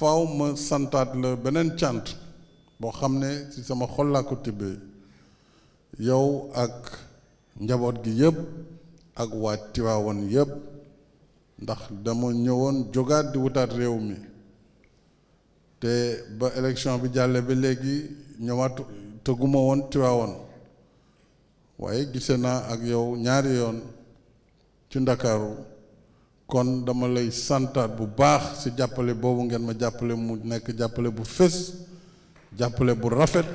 faaw ma santaat la beneen cant boo xam ne ci sama xol laa ko tibbee yow ak njaboot gi yëpp ak waa Tiwaawan yëpp ndax dama ñëwoon jógaat di wutaat réew mi te ba élection bi jàlle ba léegi ñëwaat tëgguma woon Tiwaawan waaye gise naa ak yow ñaari yoon ci Ndakaaru kon dama lay santaat bu baax ci jàppale boobu ngeen ma jàppale mu nekk jàppale bu fés jàppale bu rafet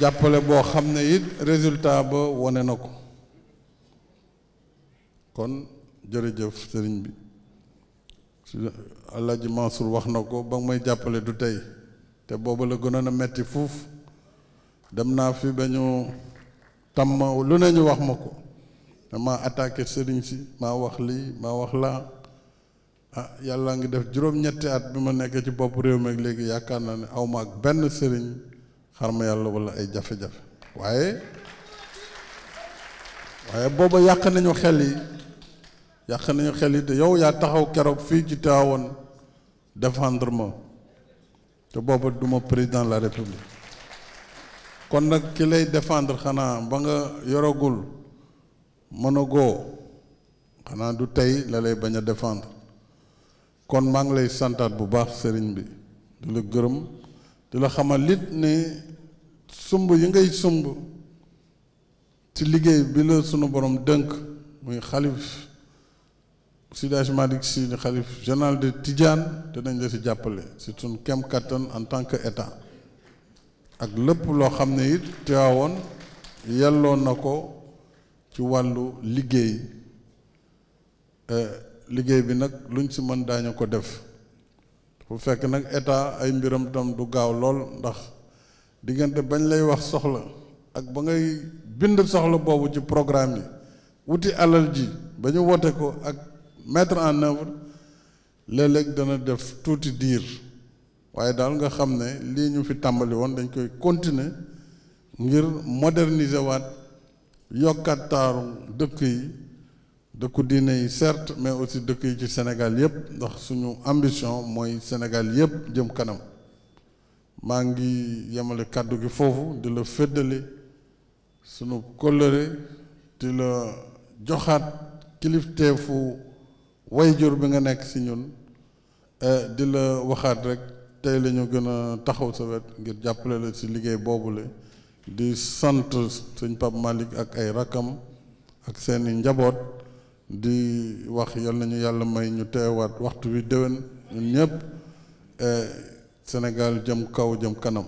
jàppale boo xam ne it résultat ba wone na ko kon jërëjëf sëriñ bi Alaaji Mansour wax na ko ba may jàppale du tey te booba la gënoon a metti fuuf dem naa fi ba ñu tàmm lu ne ñu wax ma ko dama attaquer serigne si ma wax li ma wax la ah yalla nga def juróom-ñetti at bima ma nekk ci bop rew mi ak léegi ne awma ak ben serigne xar ma wala ay jafe-jafe waye waye bobu yak nañu xel yi yak nañu xel yi te yow ya taxaw kérok fi ci tawon défendre ma te bobu duma président la république kon nak ki lay défendre xana ba nga yorogul mën xanaa du tey lalay bañ a défendre kon maa ngi lay santaat bu baax sëriñ bi di la gërëm di la xamal it ni sumb yi ngay sumb ci liggéey bi la sunu borom dënk muy xalif Seydi Hadji Malick Sy xalif général de Tidiane dinañ la si jàppale si sunu kem kattan en tant que état ak lépp loo xam ne it teewoon yelloo na ko ci wàllu liggéey euh, liggéey bi nag luñ si mën daañu ko def bu fekk nag état ay mbiram tam du gaaw lool ndax diggante bañ lay wax soxla ak ba ngay bind soxla boobu ci programme yi wuti alal ji ba ñu wote ko ak mettre en œuvre léeg-léeg dana def tuuti diir waaye daal nga xam ne lii ñu fi tàmbali woon dañ koy continuer ngir moderniser waat yokkaat taaru dëkk yi dëkku diine yi certes mais aussi dëkk yi ci Sénégal yëpp ndax suñu ambition mooy Sénégal yëpp jëm kanam maa ngi yemale kàddu gi foofu di la féddale suñu kóllëre di la joxaat kilifteefu jur bi nga nekk si ñun e, di la waxaat rek tey la gën a taxaw sa wet ngir jàppale la si liggéey boobule di sant sëñ Pape Malick ak ay rakkam ak seeni njaboot di wax yal nañu yàlla may ñu teewaat waxtu wi déwén ñun ñëpp eh, Sénégal jëm kaw jëm kanam